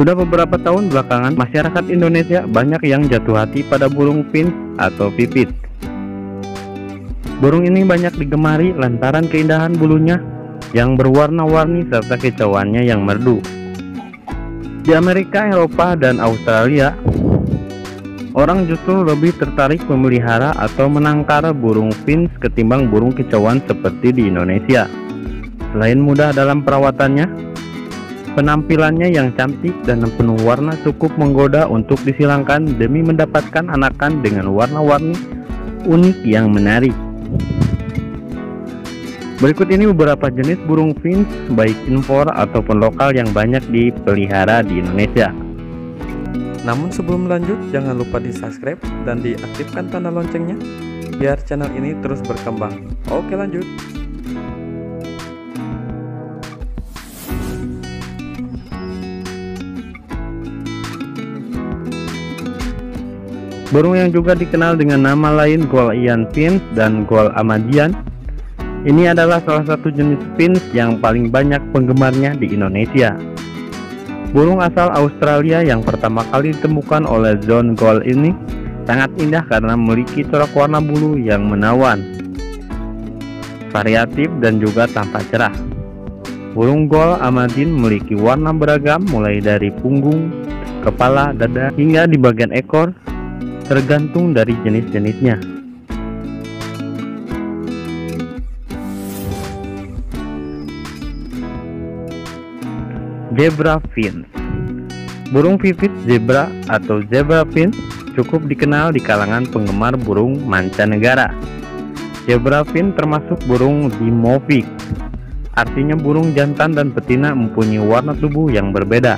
Sudah beberapa tahun belakangan, masyarakat Indonesia banyak yang jatuh hati pada burung pin atau pipit. Burung ini banyak digemari lantaran keindahan bulunya yang berwarna-warni serta kecauannya yang merdu. Di Amerika, Eropa, dan Australia, orang justru lebih tertarik memelihara atau menangkara burung fins ketimbang burung kecauan seperti di Indonesia. Selain mudah dalam perawatannya, Penampilannya yang cantik dan penuh warna cukup menggoda untuk disilangkan demi mendapatkan anakan dengan warna-warni unik yang menarik. Berikut ini beberapa jenis burung finch baik impor ataupun lokal yang banyak dipelihara di Indonesia. Namun sebelum lanjut jangan lupa di subscribe dan diaktifkan tanda loncengnya biar channel ini terus berkembang. Oke lanjut. Burung yang juga dikenal dengan nama lain Gol Ian Finch dan Gol Amadian ini adalah salah satu jenis finch yang paling banyak penggemarnya di Indonesia. Burung asal Australia yang pertama kali ditemukan oleh John Gol ini sangat indah karena memiliki corak warna bulu yang menawan, variatif dan juga tampak cerah. Burung Gol Amadian memiliki warna beragam mulai dari punggung, kepala, dada hingga di bagian ekor tergantung dari jenis-jenisnya. Zebra fins Burung pipit zebra atau zebra fins cukup dikenal di kalangan penggemar burung mancanegara. Zebra fin termasuk burung dimorphic, artinya burung jantan dan betina mempunyai warna tubuh yang berbeda.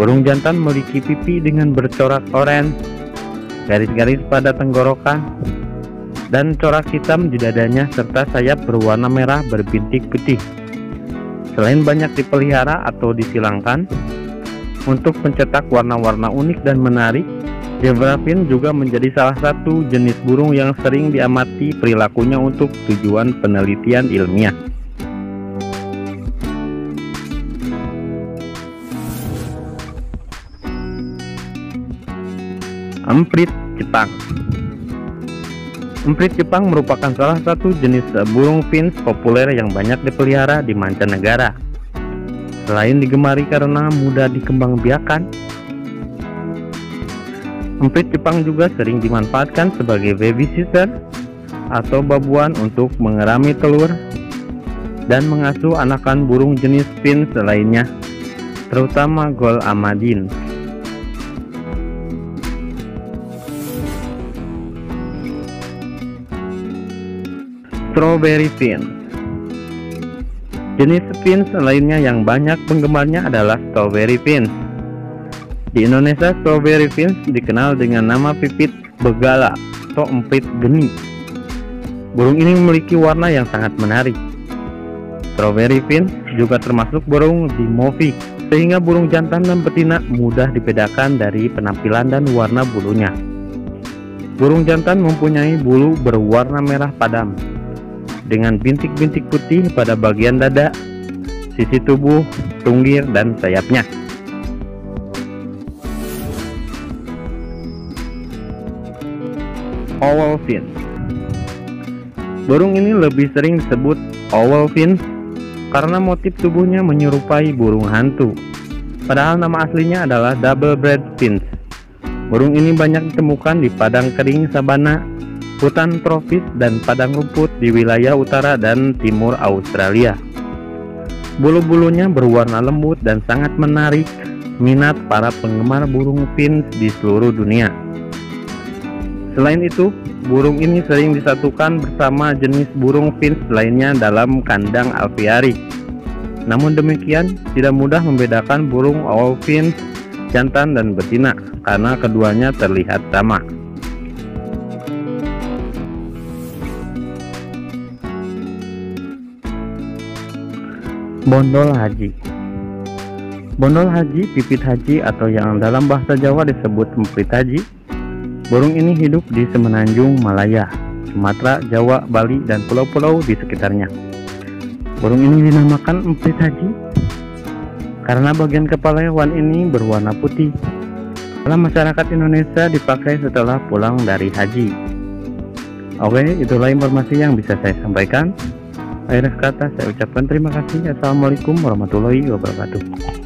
Burung jantan memiliki pipi dengan bercorak oranye garis-garis pada tenggorokan, dan corak hitam di dadanya serta sayap berwarna merah berbintik putih. Selain banyak dipelihara atau disilangkan, untuk mencetak warna-warna unik dan menarik, fin juga menjadi salah satu jenis burung yang sering diamati perilakunya untuk tujuan penelitian ilmiah. Emprit Jepang Emprit Jepang merupakan salah satu jenis burung fins populer yang banyak dipelihara di mancanegara. Selain digemari karena mudah dikembangbiakan, emprit Jepang juga sering dimanfaatkan sebagai babysitter atau babuan untuk mengerami telur dan mengasuh anakan burung jenis finch lainnya, terutama gol amadin. strawberry pin. Jenis pin lainnya yang banyak penggemarnya adalah strawberry pin. Di Indonesia, strawberry pin dikenal dengan nama pipit begala atau empit geni. Burung ini memiliki warna yang sangat menarik. Strawberry pin juga termasuk burung dimorphic, sehingga burung jantan dan betina mudah dibedakan dari penampilan dan warna bulunya. Burung jantan mempunyai bulu berwarna merah padam, dengan bintik-bintik putih pada bagian dada, sisi tubuh, tunggir, dan sayapnya. Owl fin. Burung ini lebih sering disebut owl fin karena motif tubuhnya menyerupai burung hantu. Padahal nama aslinya adalah double breed fins. Burung ini banyak ditemukan di padang kering sabana hutan tropis dan padang rumput di wilayah utara dan timur Australia. Bulu-bulunya berwarna lembut dan sangat menarik minat para penggemar burung finch di seluruh dunia. Selain itu, burung ini sering disatukan bersama jenis burung fins lainnya dalam kandang alveari. Namun demikian, tidak mudah membedakan burung owl jantan dan betina karena keduanya terlihat sama. Bondol Haji Bondol haji, pipit haji atau yang dalam bahasa Jawa disebut mempit haji. Burung ini hidup di semenanjung Malaya, Sumatera, Jawa, Bali, dan pulau-pulau di sekitarnya. Burung ini dinamakan mempit haji karena bagian kepala hewan ini berwarna putih. Dalam masyarakat Indonesia dipakai setelah pulang dari haji. Oke, itulah informasi yang bisa saya sampaikan. Akhir kata saya ucapkan terima kasih. Assalamualaikum warahmatullahi wabarakatuh.